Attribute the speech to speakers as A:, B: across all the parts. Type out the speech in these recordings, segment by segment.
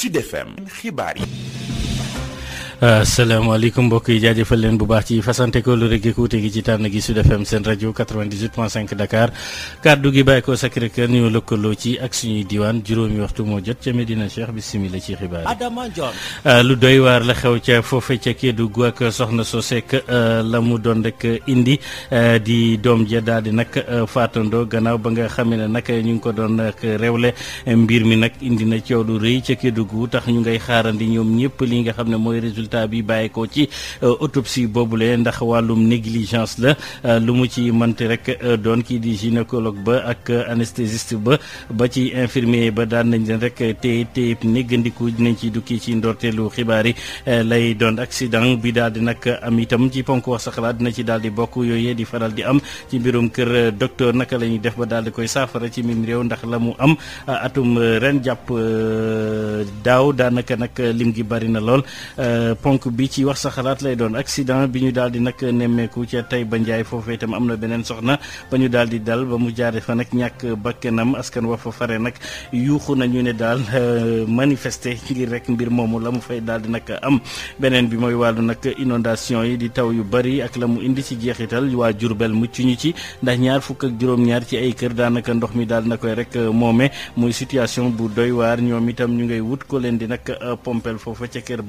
A: Sud FM xibaar
B: salaamaaleykum mbokk yi jaajëfal leen bu baax ci fasante ko lu rek gi kuute gi ci tànn gi Sud FM seen rajo 98.5 Dakar kaddu gi bàyyi ko Sacré-Cœur ñu ci ak suñuy diwaan juróomi waxtu moo jot ca Medina Cheikh bisimila ci xibaar yi. Ah, lu doy waar la xew ca foofe ca Kédougou ak soxna soo Sosek ah, la mu doon rek indi ah, di doom ja daal di nag faatandoo gannaaw ba nga xamee ne nag ñu ngi ko doon rewle mbir mi nag indi na coow lu rëy ca Kédougou tax ñu ngay xaarandi ñoom ñëpp li nga xam ne mooy résultat résultat bi bàyyeekoo ci euh, autopsie boobule ndax wàllum négligence la euh, lu mu ci mënti rek euh, doon kii di gynécologue ba ak anesthésiste ba ba ci infirmier ba daan nañ leen rek téye téye néggandiku dinañ ci dukki ci ndorteelu xibaar yi lay doon accident bi daal di nag am itam ci ponk wax sa xalaat dina ci daal di bokk yooyee di faral di am ci mbirum kër docteur naka la ñuy def ba daal di koy saafara ci mim réew ndax la mu am atum ren jàpp daaw daanaka nag lim gi bari na lool ponk bi ci wax sa xalaat lay doon accident bi ñu daal di nag nemmeeku ca Taïba Ndiaye foofee itam am na beneen soxna ba ñu daal di dal ba mu jaare fa nag ñàkk bakkanam askan wa fa fare nag yuuxu nañu ne daal euh, manifester ngir rek mbir moomu la mu fay daal di nag am beneen bi mooy wàllu nag inondation yi di taw yu bari ak la mu indi ci jeexital waa Jurbel mucc ñu ci ndax ñaar fukk ak juróom-ñaar ci ay kër daanaka ndox mi daal na koy rek euh, moome muy situation bu doy waar ñoom itam ñu ngay wut ko leen di nag euh, pompel foofa ca kër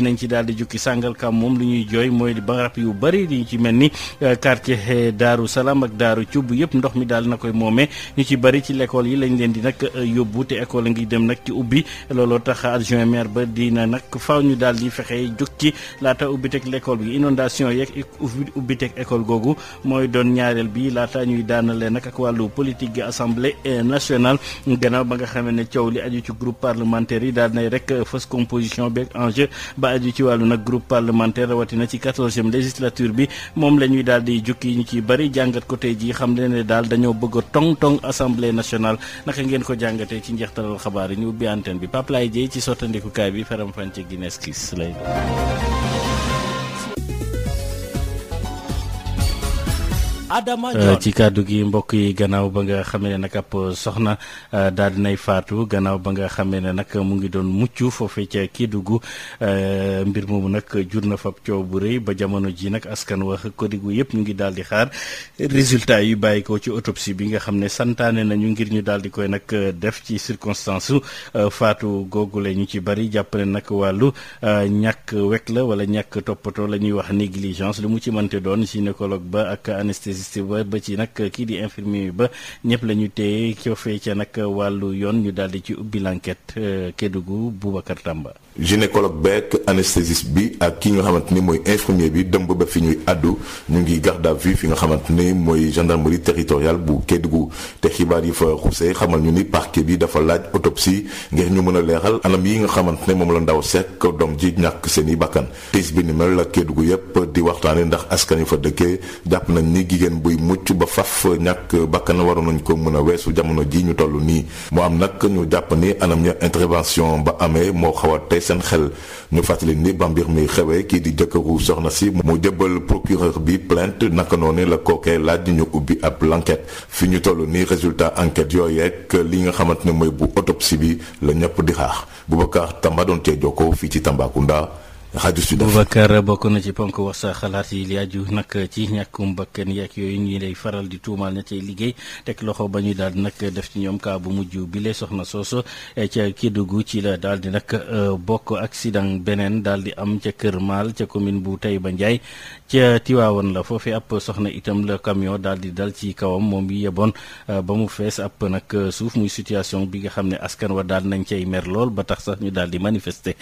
B: dinañ ci daal di jukki Sangalkam moom lu ñuy jooy mooy barab yu bëri li ci mel ni euh, quartier euh, Daaru Salaam ak Daaru Cubb yëpp ndox mi daal na koy moomee ñu ci bari ci l'école yi lañ leen di nag euh, yóbbu te école ngi dem nag ci ubbi looloo tax adjoint maire ba dina nag faaw ñu daal di fexe jukki laata ubbiteg lekool bi inondation yeeg ubbiteg école googu mooy doon ñaareel bi laata ñuy daanale nag ak wàllu politique gi assemblée nationale gannaaw ba nga xamee ne coow li aju ci groupe parlementaire yi daal nay rek fausse composition la aju ci wàllu nag groupe parlementaire rawatina ci quatorzième législature bi moom la ñuy daal di jukki ñu ciy bëri jàngat koté tey jii xam leen ne daal dañoo bëgg a tong tong assemblée nationale naka ngeen ko jàngatee ci njeextalal xabaar yi ñu ubbi antenne bi Pape Laye Dieye ci sottandikukaay bi faram-fàccee Guinness Kiss lay. Euh, ci kàddu gi mbokk yi gannaaw ba nga xamee ne nag ab soxna euh, daal nay faatu gannaaw ba nga xamee ne nag mu ngi doon mucc foofee ca Kédougou euh, mbir moomu nag jur na fab coow bu rëy ba jamono ji nag askan wax Kédougou yëpp ñu ngi daal di xaar résultat yu bàyyi ko ci autopsie bi nga xam ne santaane nañu ngir ñu daal di koy nag def ci circonstance su faatu googule ñu ci bari jàpp ne nag wàllu ñàkk wekk la wala ñàkk toppatoo la ñuy wax négligence lu mu ci mënte doon gynécologue ba ak anesthésie ba ba ci nag kii di infirmier yi ba ñëpp la ñu téye coofee ca nag wàllu yoon ñu daal di ci ubbi gu euh, Kédougou Boubacar Tamba.
A: gynécologue beeg anesthésiste bi ak ki nga xamante ni mooy infirmier bi dëmb ba fi ñuy àddu ñu ngi garde à vue fi nga xamante ni mooy gendarmerie territoriale bu gu te xibaar yi fa xusee xamal ñu ni parquet bi dafa laaj autopsie ngir ñu mën a leeral anam yi nga xamante ne moom la ndaw sekk doom ji ñàkk seen i bakkan tiis bi ni mel la gu yëpp di waxtaane ndax askan yu fa dëkkee jàpp nañ ni bakkan buy mucc ba faf ñàkk bakkan waroon nañ ko mën a weesu jamono ji ñu toll nii mu am nag ñu jàpp ni anam ya intervention ba amee moo xaw a tey seen xel ñu fàttali ni ba mbir mi xewee kii di jëkkëru soxna si mu jëbal procureur bi plainte naka noonu la kookee laaj ñu ubbi ab l'enquête fi ñu toll nii résultat enquête yooyu ak li nga xamante ne mooy bu autopsie bi la ñëpp di xaar Boubacar Tamba doon cee ko fii ci Tambacounda rajo Sud Boubacar
B: bokk na ci ponk wax sa xalaat yi li aju nag ci ñàkkum bakkan yeeg yooyu ñuy lay faral di tuumaal ña cay liggéey teg loxo ba ñu daal di nag def ci ñoom kaa bu mujj bi soxna sooso eh, ca Kédougou ci la daal di nag eh, bokk accident beneen daal di am ca Kër Maal ca commune bu Taïba Ndiaye ca Tiwaawan la foofee ab soxna itam la camion daal dal ci kawam moom bi yeboon eh, ba mu fees ab nag suuf muy situation bi nga xam ne askan wa daal nañ cay mer lool ba tax sax ñu daal di manifester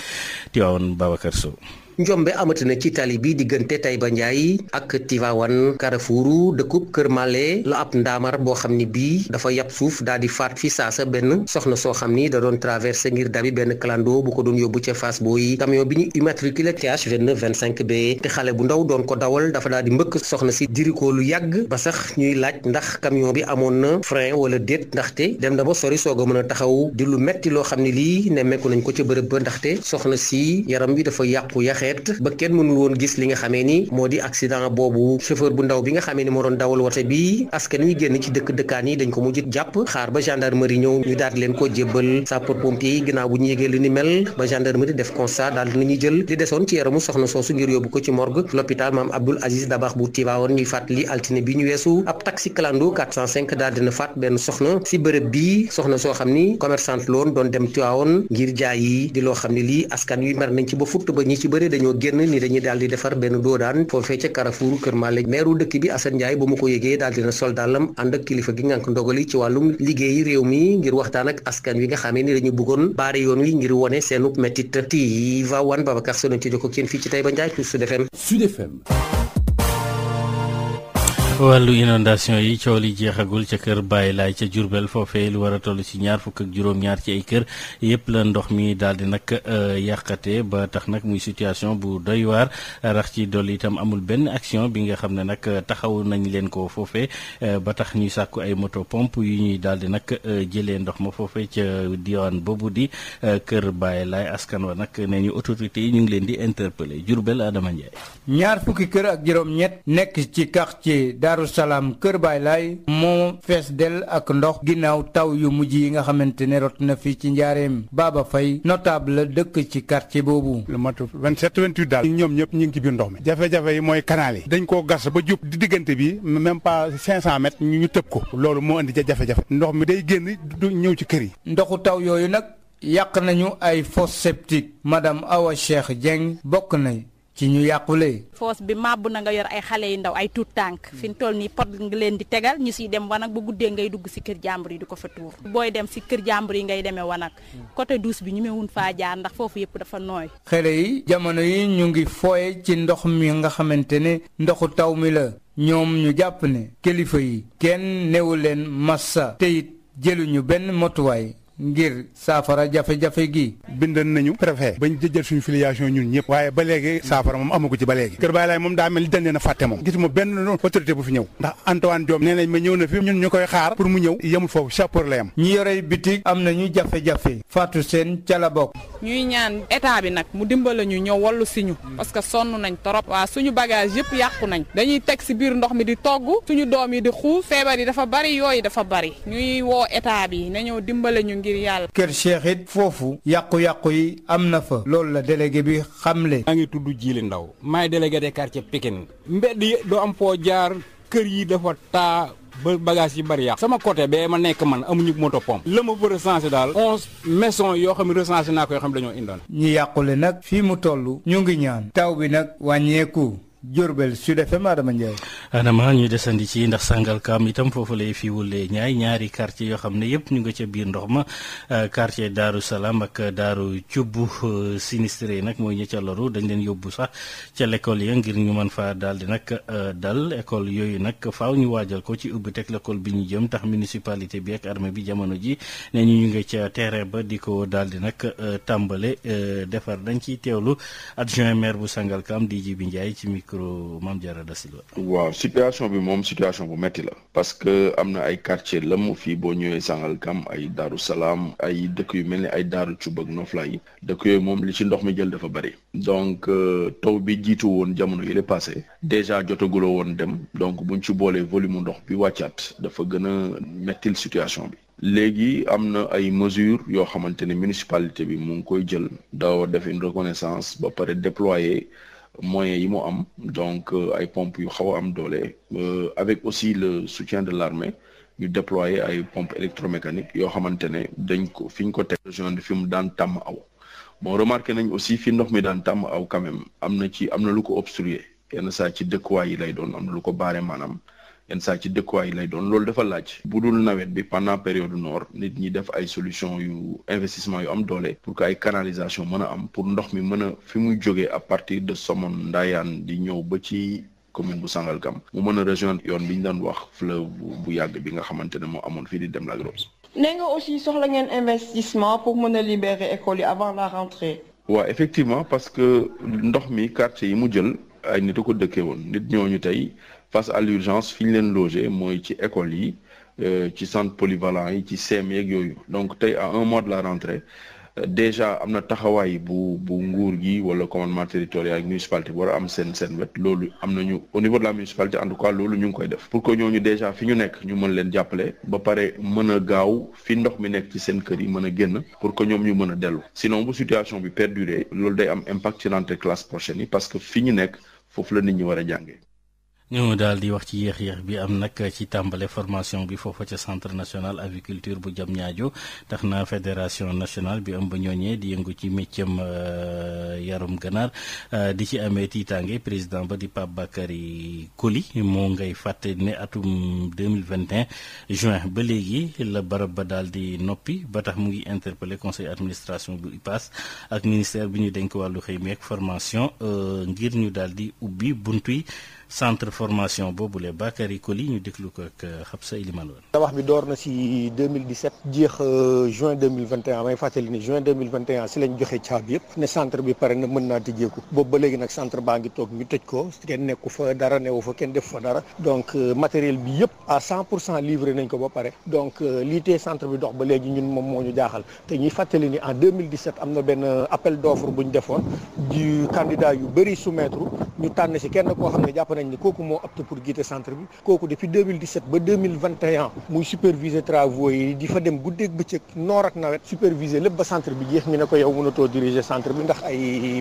B: Tiwaawan Babacar Sow
C: njombe amatina ci tali bi diggante Taïba Ndiaye ak Tivaouane Carrefour dëkkub Kër Male la ab ndaamar boo xam ni bii dafa yab suuf daal di faat fi saasa benn soxna soo xam ni da doon traversé ngir dabi benn clando bu ko doon yóbbu ca Fass Boye camion bi ñu immatriculé TH 29 25 B te xale bu ndaw doon ko dawal dafa daal di mbëkk soxna si diri ko lu yàgg ba sax ñuy laaj ndax camion bi amoon na frein wala déet ndaxte dem na ba sori soog mën a taxaw di lu metti loo xam ne lii nemmeeku nañ ko ca bërëb ba ndaxte soxna si yaram bi dafa yàqu arrête ba kenn mënu gis li nga xamee ni moo di accident boobu chauffeur bu ndaw bi nga xamee ni moo doon dawal wote bi askan wi génn ci dëkk dëkkaan yi dañ ko mujj jàpp xaar ba gendarmerie ñëw ñu daal di leen ko jébbal sapeur pompier yi ginnaaw bu ñu yégee li ni mel ba gendarmerie def constat daal di nañuy jël li desoon ci yaramu soxna soosu ngir yóbbu ko ci morgue l'hôpital maam Abdoul Aziz Dabax bu Tivaouane ñuy fàttali altine bi ñu weesu ab taxi dañoo génn ni dañuy daal di defar benn doodaan foofee ca Carrefour Kër Malick meeru dëkk bi Assane Ndiaye ba mu ko yégee daal dina sol dàllam ànd ak kilifa gi ngànk ndogali ci wàllum liggéey réew mi ngir waxtaan ak askan wi nga xamee ni dañu bëggoon baare yoon yi ngir wone seenu mettit tii va wan Babacar Sow ci jokko ak yéen fii ci Taïba Ndiaye Sud FM Sud FM
B: wàllu inondation yi coow li jeexagul ca kër Baye Laay ca Jurbel foofee lu war a toll ci ñaar fukk ak juróom-ñaar ci ay kër yëpp la ndox mi daal di nag euh, yàqate ba tax nag muy situation bu doy waar rax ci dolli itam amul benn action bi nga xam ne nag euh, taxaw nañ leen ko foofee euh, ba tax ñuy sàkku ay moto pomp yu ñuy daal di nag jëlee ndox ma foofee ca diwaan boobu di kër Baye Laay askan wa nag nee ñu autorités yi ñu ngi leen di interpeller Jurbel Adama Ndiaye.
D: Daaru Salaam Kër Baay Laay moo fees del ak ndox ginnaaw taw yu mujj yi nga xamante ne rot na fii ci njaareem Baba Faye notable dëkk ci quartier boobu. lu matu 27 28 daal ñoom ñëpp ñu ngi ci biir ndox mi jafe-jafe yi mooy canal yi dañ koo gas ba jub di diggante bi même pas 500 mètres ñu tëb ko loolu moo indi jafe-jafe ndox mi day génn du ñëw ci kër yi. ndoxu taw yooyu nag yàq nañu ay fosse septique madame Awa Cheikh Dieng bokk nañ. ci ñu yàqule.
E: foos bi màbb na nga yor ay xale yu ndaw ay tuut tànk fi mu toll nii pot nga leen di tegal ñu siy dem wanag bu guddee ngay dugg si kër jàmbur yi di ko fa tuur booy dem si kër jàmbur yi ngay demee wanag côté douche bi ñu mewun faa jaar ndax foofu yëpp dafa nooy
D: xale yi jamono yi ñu ngi foye ci ndox mi nga xamante ne ndoxu taw mi la ñoom ñu jàpp ne kilifa yi kenn newu leen massa te it jëluñu benn motuwaay ngir saafara jafe-jafe gi bindan nañu préfet bañ jëjël suñu filiation ñun ñëpp waaye ba léegi saafara moom amagu ci ba léegi kër Baye Laye moom daa mel ni dañ leen a fàtte moom gisuma benn autorité bu fi ñëw ndax Antoine Diome nee nañ ma ñëw na fi ñun ñu koy xaar pour mu ñëw yemul foofu chapeau la yem ñi yorey bitig am nañu jafe-jafe Fatou Sène ca la bokk ñuy ñaan état bi nag mu dimbala ñu ñëw wallu si ñu parce que sonn nañ trop waa suñu bagage yëpp yàqu nañ dañuy teg si biir ndox mi di togg suñu doom yi di xuus feebar yi dafa bari yooyu dafa bari ñuy woo état bi ngir yàlla. kër Cheikh it foofu yàqu-yàqu yi am na fa loolu la délégué bi xamle. maa ngi tudd Jili Ndaw maay délégué de quartier Pikine mbedd yi doo am foo jaar kër yi dafa taa. ba bagage yi bari yàq sama côté bee ma nekk man amuñu moto pompe la ma fa recensé daal onze maisons yoo xam ne recensé naa ko yoo xam ne dañoo indoon ñi yàqule nag fii mu toll ñu ngi ñaan taw bi nag wàññeeku Diourbel Sud FM Adama Ndiaye.
B: Adama ñuy desandi ci ndax kaam itam foofu lay fi wulee ñaay ñaari quartier yoo xam ne yëpp ñu nga ca biir ndox ma euh, quartier Daaru Salaam ak Daaru euh, sinistre yi nag mooy ñi ca loru dañ leen yóbbu sax ca l'école ya ngir ñu mën faa daal di nag euh, dal école yooyu nag faaw ñu waajal ko ci ubbi teg l'école bi ñu jëm tax municipalité bi ak armée bi jamono ji ne ñu ñu nga ca terrain ba di ko daal di nag tàmbale defar dañ ciy teewlu adjoint maire bu Sangalkam di Jibi Ndiaye ci micro Mame Diarra Da Silva.
A: waaw situation bi moom situation bu metti la. parce que am na ay quartier lëm fii boo ñëwee Sangalkam ay Daaru Salaam ay dëkk yu mel ni ay Daaru Cubb ak Noflaay dëkk yooyu moom li ci ndox mi jël dafa bari. donc euh, taw bi jiitu woon jamono yi la passé déjà jotaguloo woon dem donc bu ñu ci boolee volume ndox bi wàccaat dafa gën a mettil situation bi. léegi am na ay mesures yoo xamante ne municipalité bi mu ngi koy jël daaw def une reconnaissance ba pare déployer moyens yi mu am donc euh, ay pompes yu xaw a am doole euh, avec aussi le soutien de l'armée ñu déployer ay pompes électromécaniques yoo xamante ne dañ ko fi ñu ko teg région de fi mu daan tam aw bon remarqué nañ aussi fi ndox mi daan tam aw quand même am na ci am na lu ko obstruer yenn saa ci dëkkuwaay yi lay doon am na lu ko baare maanaam yenn saa ci dëkkuwaay lay doon loolu dafa laaj budul nawet bi pendant période noor nit ñi def ay solution yu investissement yu am doole pour que ay canalisation mën a am pour ndox mi mën a fi muy jógee a partir de Somone Ndayane di ñëw ba ci commune bu Sangalkam mu mën a rejoindre yoon bi ñu doon wax fleuve bu yàgg bi nga xamante ne moo amoon fii di dem la Grosse
F: nee nga aussi soxla ngeen investissement pour mën a libérer école yi avant la rentrée.
A: waa ouais, effectivement parce que ndox mi quartier yi mu jël ay nit ko dëkkee woon nit ñooñu tey face à l'urgence fi ñu leen logé mooy ci école yi euh, ci centre polyvalent yi ci CEM yeeg yooyu donc tey a un mois de la rentrée euh, déjà am na taxawaay bu bu nguur gi wala commandement territorial ak municipalité war a am seen seen wet loolu am nañu au niveau de la municipalité en tout cas loolu ñu ngi koy def pour que ñooñu déjà fi ñu nekk ñu mën leen jàppale ba pare mën gaaw fi ndox mi nekk ci seen kër yi mën a génn pour que ñoom ñu mën a dellu sinon bu situation bi perdurer loolu day am impact ci rentrée classe prochaine yi parce que fi ñu nekk foofu la nit ñi war a jàngee
B: ñu daal di wax ci yéex-yéex bi am nag ci tàmbale formation bi foofa ca centre national aviculture bu jam ñaajo tax na fédération nationale bi ëmb ñooñee di yëngu ci méccam euh, yarum ganaar euh, di ci amee tiitaange président ba di Pape Bakary Koli moo ngay fàtte ne atum 2021 juin ba léegi la barab ba daal di noppi ba tax mu ngi interpellé conseil administration bu IPAS ak ministère bi ñu denk wàllu xëy mi ak formation euh, ngir ñu daal di ubbi buntu yi centre formation boobule Bakary Koli ñu déglu ko ak Xabsa euh, Elimane woon tabax bi door
G: na si 2017 jeex euh, juin 2021 fàttali ni juin si lañ joxe caabi yëpp ne centre bi pare na mën naa tijjeeku boobu ba léegi nag centre baa ngi toog ñu tëj ko kenn nekku fa dara newu fa kenn def fa dara donc euh, matériel bi yëpp à pour cent livré nañ ko ba pare donc lii tee centre bi dox ba léegi ñun moom moo ñu jaaxal te ñuy fàttali ni en am na benn appel d'offre bu ñu defoon du candidat yu bëri soumettre nañ ne kooku moo apte pour guider centre bi kooku depuis muy superviser travaux yi di fa dem guddeeg bëccëg noor nawet superviser lépp ba centre bi jeex ñu ne ko yow mënatoo diriger centre bi ndax ay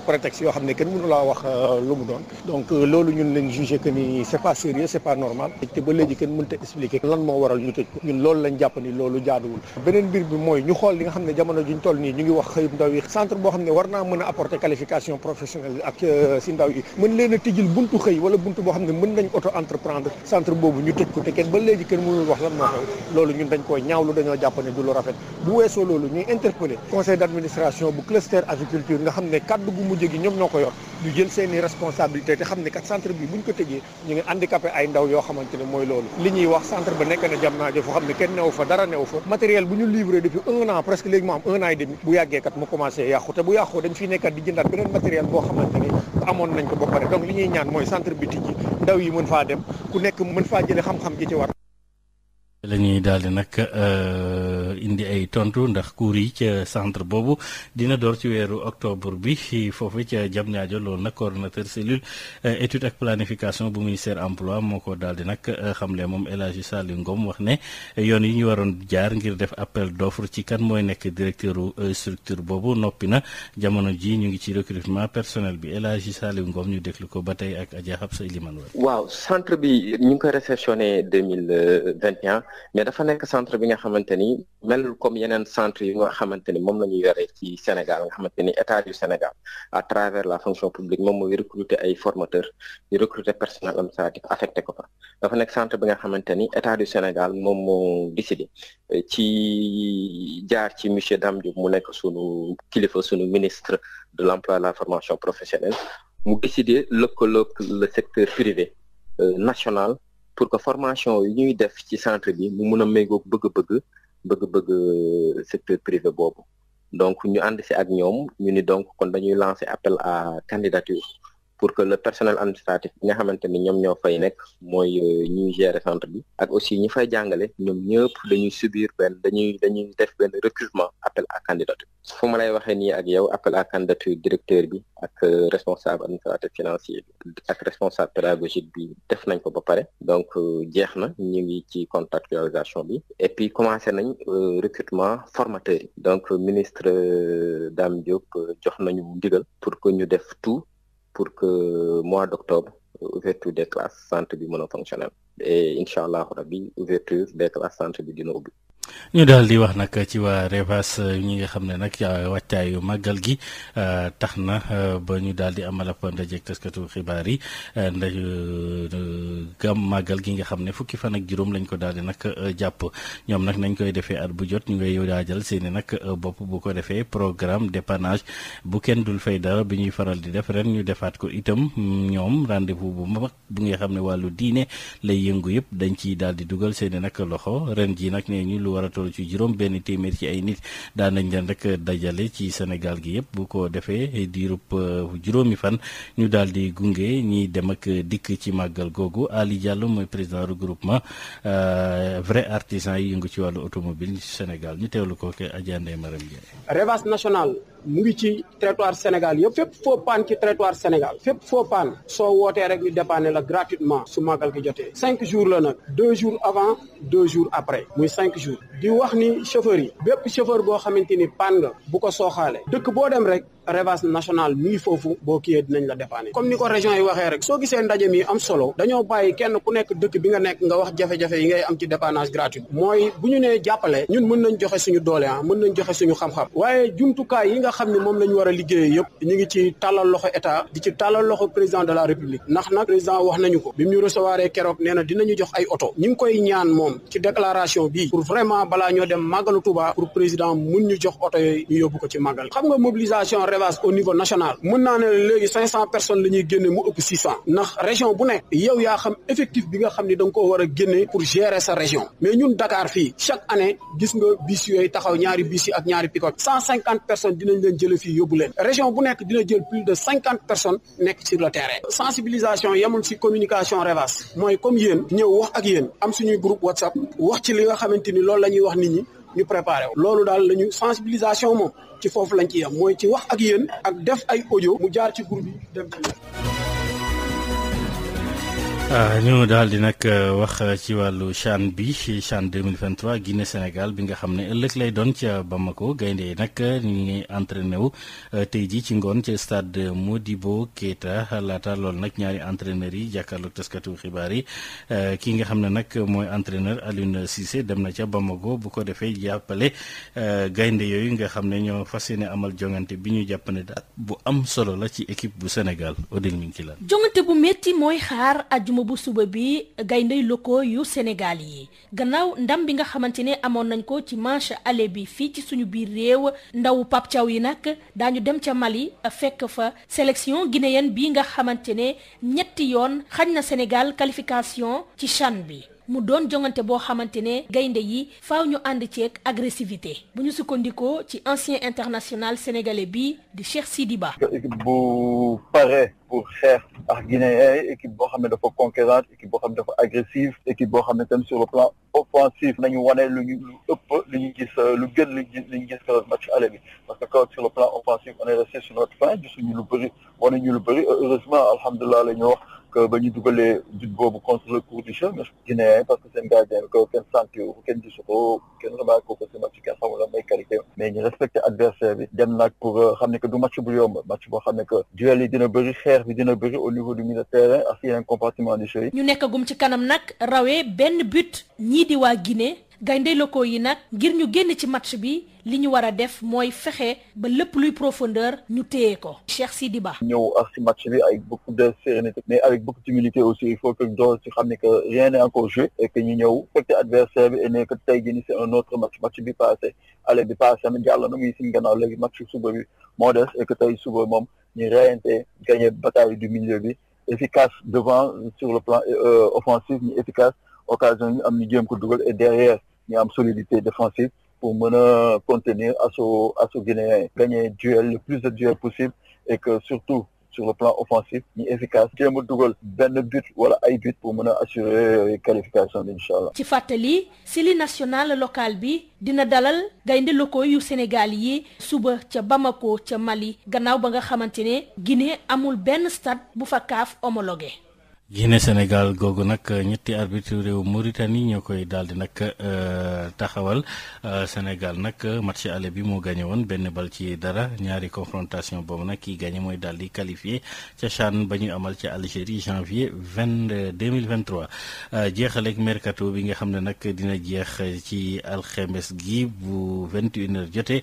G: prétexte yoo xam ne kenn mënu wax euh, lu mu doon donc euh, loolu ñun lañ jugé que ni c'est pas sérieux c'est pas normal te ba léegi kenn mënta expliquer lan moo waral ñu tëj ko ñun loolu lañ jàpp ni loolu jaaduwul beneen mbir bi mooy ñu xool li nga xam ne boo xam ne mën nañ auto entreprendre centre boobu ñu tëj ko te kenn ba léegi kenn mënul wax lan moo xew loolu ñun dañ koy ñaawlu dañoo jàpp ne du lu rafet bu weesoo loolu ñuy interpellé conseil d' administration bu cluster agriculture nga xam ne kàddu gu mujj gi ñoom ñoo ko yor ñu jël seen i responsabilité te xam ne kat centre bi buñ ko tëjee ñu ngi handicapé ay ndaw yoo xamante ne mooy loolu li ñuy wax centre ba nekk na naa foo xam ne kenn newu fa dara newu fa matériel bu ñu livré depuis un an presque léegi mu am un an et demi bu yàggee kat mu commencé yàqu te bu yàqu amoon nañ ko ba pare donc li ñuy ñaan mooy centre bi tijji ndaw yi mën faa dem ku nekk mën faa jëlee xam-xam ji ci war
B: la ñuy daal di nag euh, indi ay tontu ndax cours yi ca centre boobu dina door ci weeru octobre bi foofu ca Diamniadio loolu nag coordonnateur cellule euh, étude ak planification bu ministère emploi moo ko daal di nag euh, xamle moom El Hadji ngoom wax ne yoon yi ñu waroon jaar ngir def appel d'offre ci kan mooy nekk directeuru structure boobu noppi na jamono ji ñu ngi ci recrutement personnel bi El Hadji ngoom ñu déglu ko ba tey ak Adja Habsa Iliman
F: waaw centre bi ñu ngi ko mais dafa nekk centre bi nga xamante ni melul comme yeneen centre yu nga xamante ni moom la ñu yore ci Sénégal nga xamante ni état du Sénégal à travers la fonction publique moom mooy recruter ay formateurs di recruter personnel administratif affecté ko fa nekk centre bi nga xamante ni état du Sénégal moom moo décidé euh, ci jaar ci monsieur Dame Diop mu nekk sunu kilifa sunu ministre de l'emploi et la formation professionnelle mu décidé lëkkaloog le secteur privé euh, national pour que formation yi ñuy def ci centre bi mu mun a méngoog bëgg-bëgg bëgg-bëgg euh, secteur privé boobu donc ñu ànd si ak ñoom ñu ni donc kon dañuy lancer appel à candidature pour que le personnel administratif bi nga xamante ni ñoom ñoo fay nekk mooy euh, ñuy gérer centre bi ak aussi ñi fay jàngale ñoom ñëpp dañuy subir benn dañuy dañuy def benn recrutement appel à candidature fu ma lay waxee ni ak yow appel à candidature directeur bi ak euh, responsable administratif financier bi ak responsable pédagogique bi def nañ ko ba pare donc euh, jeex na ñu ngi ci contractualisation bi et puis commencé nañ recrutement formateur yi donc ministre Dame Diop jox nañu ndigal pour que ñu def tout pour que mois d'octobre ouverture des classes centre bi mën a fonctionnel et incha allahu rabbi ouverture des classes centre bi dina
B: ubbi ñu daal di wax nag ci waa Revas ñi nga xam ne nag wàccaayu màggal gi euh, tax na euh, ba ñu daal di amal ab ndaje xibaar yi euh, ndax gam màggal gi nga xam ne fukki fan ak juróom lañ ko daal di nag jàpp ñoom nag nañ koy defee at bu jot ñu ngay waajal seeni nag bopp bu ko defee programme dépannage bu kenn dul fay dara bi ñuy faral di def ren ñu defaat ko itam ñoom rendez-vous bu mag bu nga xam ne wàllu diine lay yëngu yëpp dañ ciy daal di dugal seeni nag loxo war a toll ci juróom benn téeméer ci ay nit daan nañ leen rek dajale ci Sénégal gi yëpp bu ko defee di diirub euh, juróomi fan ñu daal di gunge ñiy dem ak dikk ci màggal googu Ali Diallo mooy président regroupement euh, vrai artisan yi yëngu ci wàllu automobile Sénégal ñu teewlu ko ak Adja Ndeye Maram Ndiaye revanche mu ngi ci
H: territoire Sénégal yëpp fépp foo paan ci territoire Sénégal fépp foo paan soo wootee rek ñu dépanner la gratuitement su màggal gi jotee cinq jour la nag deux jours avant deux jours après muy cinq jours di wax ni chauffeur yi bépp chauffeur boo xamante ni paan nga bu ko sooxaale dëkk boo dem rek relevance nationale mi foofu boo kiiyee dinañ la dépanner comme ni ko région yi waxee rek soo gisee ndaje mi am solo dañoo bàyyi kenn ku nekk dëkk bi nga nekk nga wax jafe-jafe yi nga am ci dépannage gratuit mooy bu ñu nee jàppale ñun mën nañ joxe suñu doole ah mën nañ joxe suñu xam-xam waaye jumtukaay yi nga xam ne moom la ñu war a liggéeyee yëpp ñu ngi ci tàllal loxo état di ci tàllal loxo président de la république ndax nag président wax nañu ko bi mu ñu recevoir nee na dinañu jox ay oto ñu ngi koy ñaan moom ci déclaration bi pour vraiment balaa ñoo dem màggalu Touba pour président mun ñu jox oto yóbbu ko ci màggal xam nga mobilisation élevage au niveau national mën naa ne léegi cinq cent personnes lañuy ñuy génne mu ëpp six cent ndax région bu nekk yow yaa xam effectif bi nga xam ni dang ko war a génne pour gérer sa région mais ñun Dakar fii chaque année gis nga bis yooyu taxaw ñaari bis ak ñaari pick cent cinquante personnes dinañ leen jële fii yóbbu leen région bu nekk dina jël plus de cinquante personnes nekk sur le terrain sensibilisation yemul si communication REVAS mooy comme yéen ñëw wax ak yéen am suñuy groupe WhatsApp wax ci li nga xamante ni loolu la ñuy wax nit ñi ñu préparé loolu daal la sensibilisation moom ci foofu lañ ci yam mooy ci wax ak yéen ak def ay audio mu jaar ci groupe yi dem ci
B: Euh, ñu daal di nag euh, wax ci wàllu CHAN bi CHAN 2023 Guinée Sénégal bi nga xam ne ëllëg lay doon ca Bamako gaynde yi nag euh, ñu ngi entraîné wu tey jii ci ngoon ca stade Modibo Keita laata loolu nag ñaari entraîneurs yi jàkkaarloog taskatu xibaar yi ki nga xam ne nag mooy entraîneur Aliou Cissé dem na ca Bamako bu ko defee jàppale gaynde yooyu nga xam ne ñoo fas yéene amal jongante bi ñu jàpp ne daal bu am solo la ci équipe bu Sénégal Odile ngi ci la.
E: jongante àjjuma bu suba bi gaynday loko yu Sénégal yi gannaaw ndam bi nga xamante ne amoon nañ ko ci manche aller bi fii ci suñu biir réew ndawu pap caw yi nag daañu dem ca Mali fekk fa sélection guinéenne bi nga xamante ne ñetti yoon xañ na Sénégal qualification ci CHAN bi mu doon jongante boo xamante ne gaynde yi faaw ñu ànd ceeg agressivité bu ñu sukkandikoo ci ancien international sénégalais bi di Cheikh Sidi Ba.
I: équipe bu pare pour xeex ak guinéen yi équipe boo xam ne dafa conquérante équipe boo xam ne dafa agressive équipe boo xam ne tam sur le plan offensif nañu wane lu ñu lu ëpp lu ñu gis lu gën lu ñu gis match aller bi parce que kaw sur le plan offensif on est resté sur notre fin gisuñu lu bëri wane ñu lu bëri heureusement alhamdulilah la ñu wax. ba ñu dugalee jut boobu contre le cours du jeu mais guinéen parce que seen gardien ko kenn senti ko kenn gisu ko kenn remarqué si match kenn xamul lan mooy mais ñu respecté adversaire bi dem nag pour euh, xam ne que du match bu yomb match boo xam ne que duel yi dina bëri xeex bi dina bëri au niveau du milieu de terrain ak yeneen yi ñu
E: nekkagum ci kanam nag rawee benn but ñii di waa Guinée gaynde locaux yi nag ngir ñu génn ci match bi li ñu war a def mooy fexe ba lépp luy profondeur ñu téye ko Cheikh Sidi Ba
I: ñëw ak ci match bi avec beaucoup de sérénité mais avec beaucoup d'humilité aussi il faut que door ci xam ne que rien n'est encore joué et que ñu ñëw fekk adversaire bi et ne que tey jii c'est un autre match match bi passé aller bi passé tamit jàll na muy suñu gannaaw léegi match suba bi moo et que tey suba moom ñu reyante gagné bataille du milieu bi efficace devant sur le plan euh, occasion ñu am ñu jéem ko dugal et derrière ñu am solidité défensive pour mën a contenir assaut assaut guinéen yi gagner duel le plus de duel possible et que surtout sur le plan offensif ñu efficace jéem a dugal benn but wala ay but pour mën a assurer qualification bi incha allah. ci
E: fàttali si li national local bi dina dalal gaynde locaux yu Sénégal yi suba ca Bamako ca Mali gannaaw ba nga xamante ne Guinée amul benn stade bu fa kaaf homologué. Guinée
B: Sénégal googu nag euh, ñetti arbitre réew Mauritanie ñoo koy daal di nag euh, taxawal euh, Sénégal nag match aller bi moo gagné woon benn bal ci dara ñaari confrontation boobu nag kii gagné mooy daal di qualifié ca CHAN ba ñuy amal ca Algérie janvier vingt deux mille vingt trois jeexaleeg bi nga xam ne nag dina jeex ci alxemes gi bu vingt une heure jotee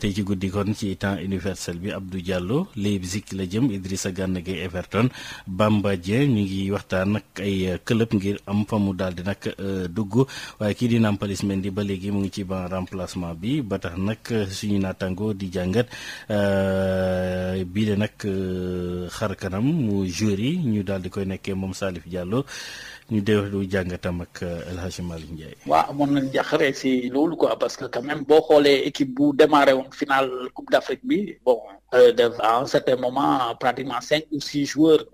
B: tey ci guddi kon ci temps universel bi Abdou Diallo Leipzig la jëm Idrissa Gana Gueye Everton Bamba Dieng ji waxtaan nag ay club ngir am fa mu daal di nag euh, dugg waaye kii di Nampalys Mendy ba léegi mu ngi ci ban remplacement bi ba tax nag euh, suñu naataango di jàngat euh, bii de nag xar kanam mu joueur yi ñu daal di koy nekke moom Salif Diallo ñu déglu jàngatam ak El Hadj Malick Ndiaye. waaw
J: amoon nañu jaaxle si loolu quoi parce que quand boo xoolee équipe bu démarré woon finale Coupe d'Afrique bi Euh, à un certain moment pratiquement cinq ou six joueurs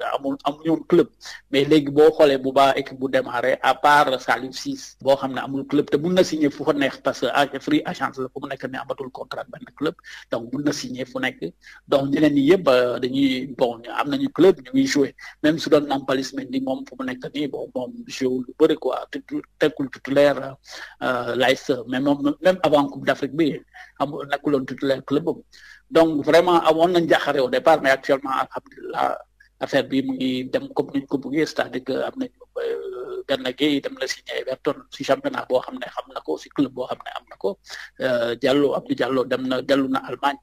J: amul club mais léegi boo xoolee bu baax équipe bu démarré à part Salif Ciss boo xam ne club te mun na signer fu ko neex parce que ah, free agence la fu mu nekk ne amatul contrat benn club donc mun na signer fu nekk donc ñeneen ñi yëpp euh, dañuy bon am nañu club ñu ngi joué même su doon Nampalys Mendy moom fu mu nekk nii bon moom joué lu bëri quoi tekkul titulaire euh, Leicester mais avant Coupe d'Afrique bi amul nekkuloon titulaire club donc vraiment amoon na njaaxare au départ mais actuellement alhamdulilah affaire bi mu dem comme ni ñu ko bëggee c'est-à-dire que am nañu euh, benn dem na signé Everton si championnat boo xam ne xam na ko si boo xam ne am na ko euh, Diallo Abdou Diallo dem na dellu na Allemagne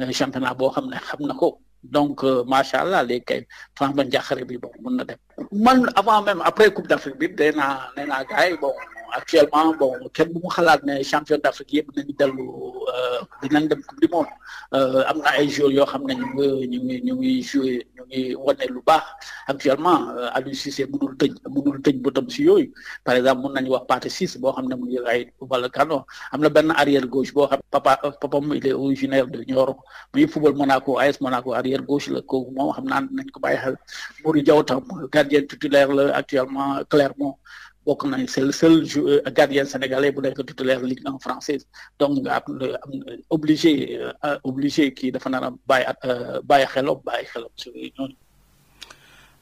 J: euh, championnat boo xam ne xam na ko donc macha allah léegi kay Franck Ndiakhare bi bon mun na dem man avant même après Coupe d'Afrique bi day naa nee naa gars yi actuellement bon kenn bu mu xalaat ne champion d' Afrique yëpp nañu dellu euh, dinañ dem coupe du monde euh, am na ay joueurs yoo xam na ñu ngi ñu ngi ñu ngi joué ñu ngi wane lu baax actuellement euh, Aliou Cissé mënul tëj mënul tëj bëtam yooyu par exemple mun nañu wax Pathé Ciss boo xam ne mu ngi ay Upamecano am na benn arrière gauche boo xam papa papam il est originaire de Nioro muy football Monaco AS Monaco arrière gauche la kooku moom xam naa nañ ko bàyyi xel Mory Diaw tam gardien titulaire la actuellement Clermont bokk nañ c'est le seul euh, gardien sénégalais bu nekk titulaire ligue en française donc nga obligé euh, obligé kii dafa nar a bàyyi euh, bàyyi xelop bàyyi xelop su ñooñu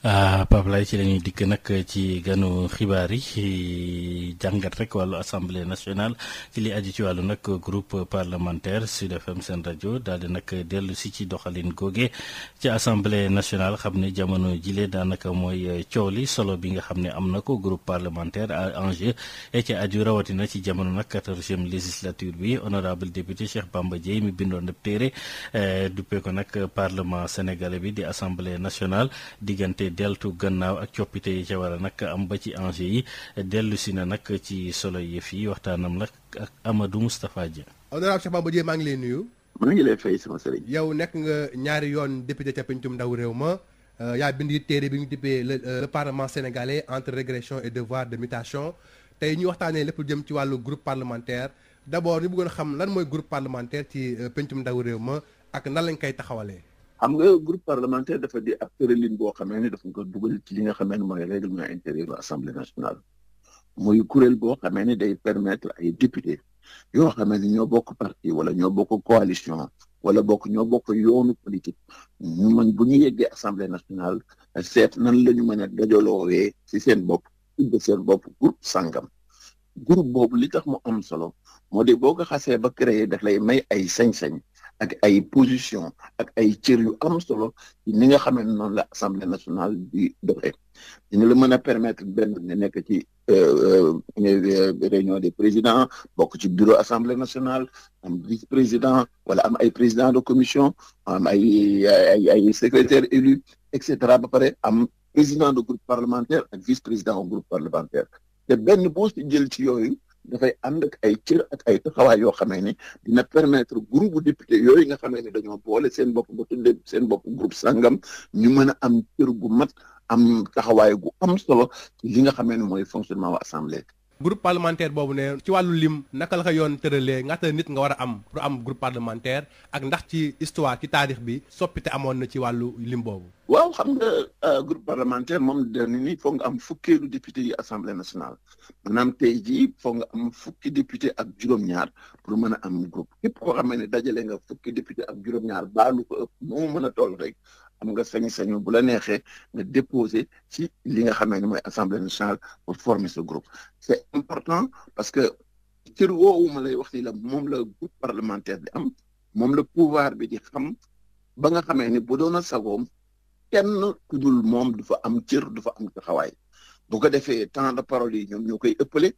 B: Euh, Pape Lay ci la dikk nag ci ganu xibaar yi jàngat rek wàllu assemblée nationale ci li aju ci wàllu nag groupe parlementaire Sud FM seen rajo daal di nag dellu si ci doxalin googe ci assemblée nationale xam ne jamono jile daanaka mooy coow li solo bi nga xam ne am na ko groupe parlementaire à enjeu e ci aju rawatina ci jamono nag quatorzième législature bi honorable député Cheikh Bamba Dièye mi bindoon ab téere euh, duppee ko nag parlement sénégalais bi di assemblée nationale diggante. deltu gannaaw ak coppite yi ca war a nag am ba ci enjeu yi dellu si na nag ci solo yëf yi waxtaanam nag ak Amadou Moustapha Dia.
K: honorable Cheikh Bamba Dièye maa ngi lay nuyu. maa ngi lay fay yow nekk nga ñaari yoon député ca pencum ndaw réew ma euh, yaa bind téere bi ñu dippee euh, le parlement sénégalais entre régression et devoir de mutation tey ñu waxtaanee lépp jëm ci wàllu groupe parlementaire d' abord ñu bëggoon xam lan mooy groupe parlementaire ci euh, pencum ndaw réew ma ak nan lañ koy taxawalee.
L: xam nga groupe parlementaire dafa di ab tëralin boo xamee ne dafa ko dugal ci li nga xamee ne mooy règlement intérieur assemblée nationale muy kuréel boo xamee ne day permettre ay député yoo xamee ne ñoo bokk parti wala ñoo bokk coalition wala bokk ñoo bokk yoonu politique ñu mën bu ñu yeggee assemblée nationale seet nan lañu ñu mën a dajaloowee si seen bopp tudde seen bopp groupe sangam groupe boobu li tax mu am solo moo di boo ko xasee ba créé daf lay may ay sañ-sañ ak ay position ak ay cër yu am solo ci ni nga xam noonu la assemblée nationale di doxee dina la mën a permettre benn nga nekk ci euh, euh, euh, réunion des présidents bokk ci bureau assemblée nationale am vice président wala am ay président de commission am ay ay ay secrétaire élu et cetera ba pare am président de groupe parlementaire ak vice président au groupe parlementaire te benn boo si jël ci yooyu. dafay ànd ak ay cër ak ay taxawaay yoo xamee ne dina permettre groupe bu député yooyu nga xamee ne dañoo boole seen bopp ba tuddee seen bopp groupe sangam ñu mën a am cër gu mat am taxawaay gu am solo li nga xamee ne mooy fonctionnement wa assemblée
K: groupe parlementaire boobu ne ci wàllu lim naka la ko yoon tëralee ñaata nit nga war a am pour am groupe parlementaire ak ndax ci histoire ci taarix bi soppite amoon na ci wàllu lim boobu.
L: waaw xam nga euh, groupe parlementaire moom dañu ni foog nga am fukkeelu député yi assemblée nationale maanaam foog nga am fukki député ak juróom-ñaar pour mën a am groupe képp koo xam ne dajale nga fukki député ak juróom-ñaar lu ko ëpp moo mën a toll rek am nga sañ-sañu bu la neexee nga déposé ci li nga xamee ni mooy assemblée nationale pour former ce groupe c'est important parce que cër woowu ma lay wax ni la moom la groupe parlementaire di am moom la pouvoir bi di xam ba nga xamee ni bu doon a sagoom kenn ku dul moom du fa am cër du fa am taxawaay bu ko defee temps de parole yi ñoom ñoo koy ëppale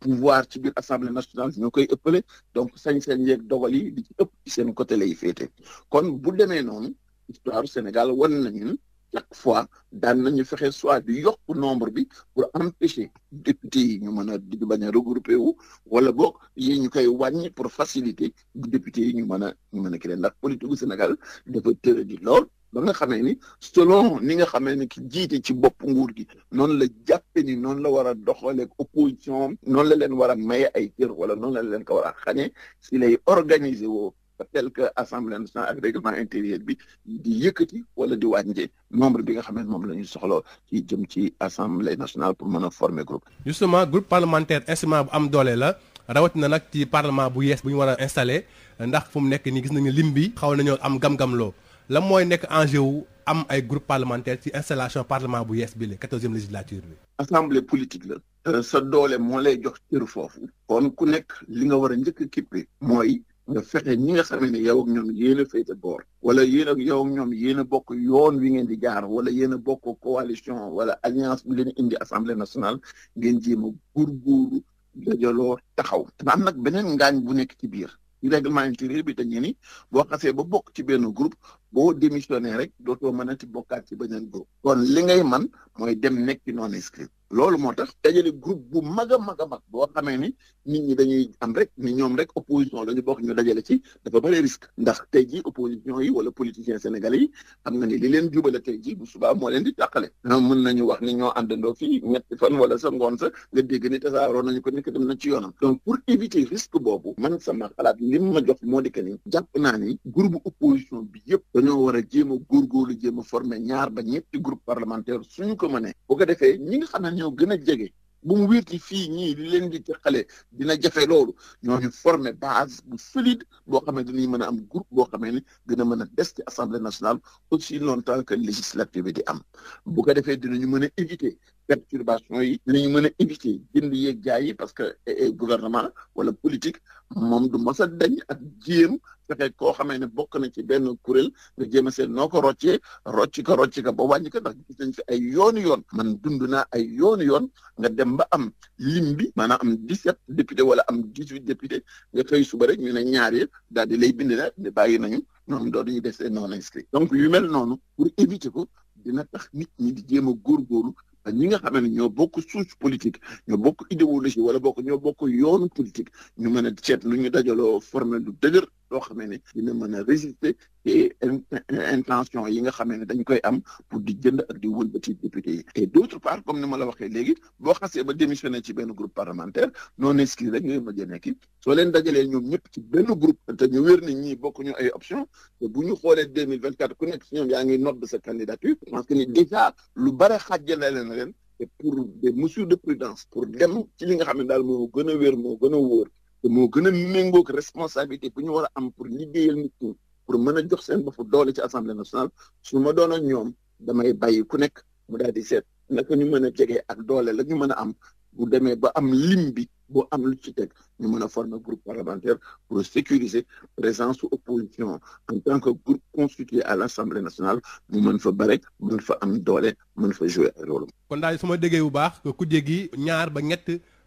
L: pouvoir ci biir assemblée nationale ñoo koy ëppale donc sañ-sañ yeeg dogal yi di ci ëpp ci seen côté lay féete kon bu demee noonu histoire Sénégal wan nañu chaque fois daan ñu fexe soit bi yokk nombre bi pour empêcher député yi ñu mën a di bañ a regroupé wu wala bo yi ñu koy wàññi pour facilité député yi ñu mën a ñu mën ki créer ndax politique gu Sénégal dafa tëre di lool ba nga xamee ni selon ni nga xamee ni ki jiite ci bopp nguur gi noonu la jàppe ni noonu la war a doxalee opposition noonu la leen war a maye ay cër wala noonu la leen ko war a xañee si lay organiser woo tel que assemblée nationale ak règlement intérieur bi di yëkkati wala di wàññi nombre bi nga xam ne moom la ñu soxla ci jëm ci assemblée nationale pour mën a former groupe.
K: justement groupe parlementaire instrument bu am doole la na nag ci parlement bu yees bu ñu war a installé ndax fu mu nekk ni gis nañu lim bi. xaw nañoo am gam-gamloo la mooy nekk enjeu wu am ay groupe parlementaire ci installation parlement bu yees bi la quatorzième législature bi.
L: assemblée politique la. Euh, sa doole moo jox cër foofu. ku nekk li nga war a njëkk a mooy. nga fexe ñi nga xamee ne yow ak ñoom yéen a boor wala yéen ak yow ñoom yéen a bokk yoon wi ngeen di jaar wala yéen a bokk coalition wala alliance bu leen indi assemblée nationale ngeen jéem a góorgóorlu dajaloo taxaw te am nag beneen ngaañ bu nekk ci biir ci règlement intérieur bi dañu ni boo xasee ba bokk ci benn groupe boo démissionné rek dootoo mën a ci bokkaat ci beneen groupe kon li ngay man mooy dem nekk ci non inscrit loolu moo tax dajale groupe bu mag a mag a mag boo xamee ni nit ñi dañuy am rek ni ñoom rek opposition la ñu bokk ñu dajale ci dafa bëri risque ndax tey jii opposition yi wala politiciens sénégalais yi am na ni li leen jubale tey jii bu subaa moo leen di tàqale ah, mën nañu wax ni ñoo àndandoo fii ñetti fan wala sa ngoon sa nga dégg ni tasaaroo nañu ko nekk dem na ci yoonam donc pour éviter risque boobu man sama xalaat li ma jox moo di que ni jàpp naa ni groupe opposition bi yëpp dañoo war a jéem a góorgóorlu jéem a former ñaar ba ñetti groupe parlementaire suñu ko mënee ko defee ñi ñoo gën a jege bu mu wér ci fii ñii li leen di teqale dina jafe loolu ñoo ñooñu former base bu solide boo xam ne dinañ mën a am groupe boo xamee ni gën a mën a des ci assemblée nationale aussi longtemps que législative bi di am bu ko defee dinañu mën a éviter perturbation yi la ñu mën a éviter jënd yeeg jaay yi parce que gouvernement wala politique moom du mas dañ ak jéem fexe koo xamee ne bokk na ci benn kuréel nga jéem a seet noo ko roccee rocci ko rocci ko ba wàññi ko ndax gis nañ ay yoonu yoon man dund naa ay yoonu yoon nga dem ba am lim bi maanaam am dix-sept député wala am dix-huit député nga xëy suba rek ñu ne ñaar daal di lay bind ne bàyyi nañu ñoom dootuñu desee non inscrit donc yu mel noonu pour éviter ko dina tax nit ñi di jéem a góorgóorlu ñi nga xam ne ñoo bokk souche politique ñoo bokk idéologie wala bokk ñoo bokk yoon politique ñu mën a seet lu ñu dajaloo former lu dëgër soo xamee ne dina mën a résister et intention yi nga xamee ne dañ koy am pour di jënd ak di wëlbati député yi et d' autre part comme ni ma la waxee léegi boo xasee ba démissionné ci benn groupe parlementaire non inscrit rek ngay mujj a soo leen dajalee ñoom ñëpp ci benn groupe te ñu wér ni ñii bokkuñu ay option te bu ñu xoolee deux mille vingt quatre ku nekk si ñoom yaa ngi note de sa candidature parce que ni déjà lu bare xàjjale leen leen et pour des mesures de prudence pour dem ci li nga xam ne daal moo gën a moo gën a wóor te moo gën a méngoog responsabilité bu ñu war a am pour liggéeyal nit ñi pour mën a jox seen bopp doole ci assemblée nationale su ma doon ak ñoom damay bàyyi ku nekk mu daal di seet naka ñu mën a jege ak doole la ñu mën a am bu demee ba am lim bi boo am lu ci teg ñu mën a former groupe parlementaire pour sécuriser présence su opposition en tant que groupe constitué à l' assemblée nationale mu mën fa bare mën fa am doole mën fa jouer ay rôle.
K: kon daal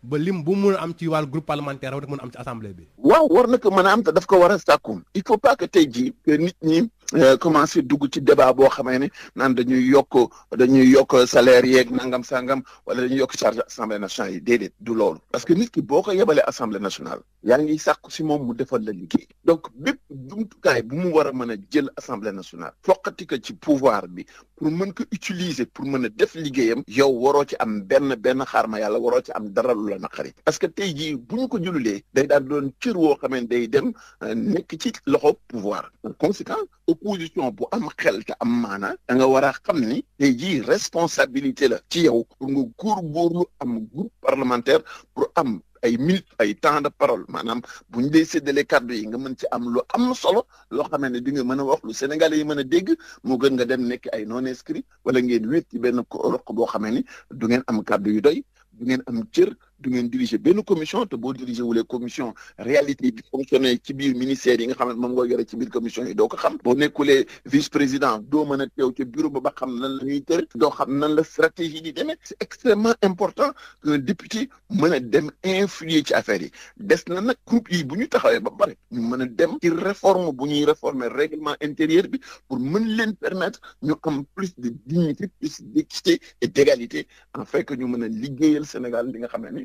K: ba lim bu mun am ci wàllu groupe parlementaire war na mën a am ci assemblée bi.
L: waaw war na ko a am daf ko war a sàkku il faut pas que tey jii que nit ñi Euh, commencé dugg ci débat boo xamee ne naan dañuy yokk dañuy yokk salaire yeeg nangam sangam wala dañuy yokk charge assemblée nationale yi déedéet du loolu parce que nit ki boo ko yebalee assemblée nationale yaa ngi sàkku si moom mu defal la liggéey donc bépp jumtukaay bu mu war a mën a jël assemblée nationale foqati ko ci pouvoir bi pour mën ko utiliser pour mën a def liggéeyam yow waroo ci am benn benn xaarma yàlla waroo ci am dara lu la naqari parce que tey jii bu ñu ko jululee day daal doon cër woo xamee day dem euh, nekk ci loxo pouvoir conséquent opposition bu am xel ca am maana da nga war a xam ni tey jii responsabilité la ci yow pour nga góorgóorlu am groupe parlementaire pour am ay minutes ay temps de parole maanaam bu ñu dee séddale kàddu yi nga mën ci am lu am solo loo xamee ne di nga mën a wax lu Sénégalais yi mën a dégg moo gën nga dem nekk ay non inscrit wala ngeen wéet ci benn roq boo xamee ni du ngeen am kàddu yu day du ngeen am cër du ngeen diriger benn commission te boo diriger wulee commission réalité bi fonctionner ci biir ministère yi nga xam ne moom nga yore ci biir commission doo ko xam boo nekkulee vice président doo mën a teew ca bureau ba ba xam nan la ñuy tër doo xam nan la stratégie di demee c'est extrêmement important qu'un député mën dem influer ci affaire yi des na nag groupe yi bu ñu taxawee ba pare ñu mën a dem ci réforme bu ñuy réformer règlement intérieur bi pour mën leen permettre ñu am plus de dignité plus d'équité et d'égalité en li nga xam ne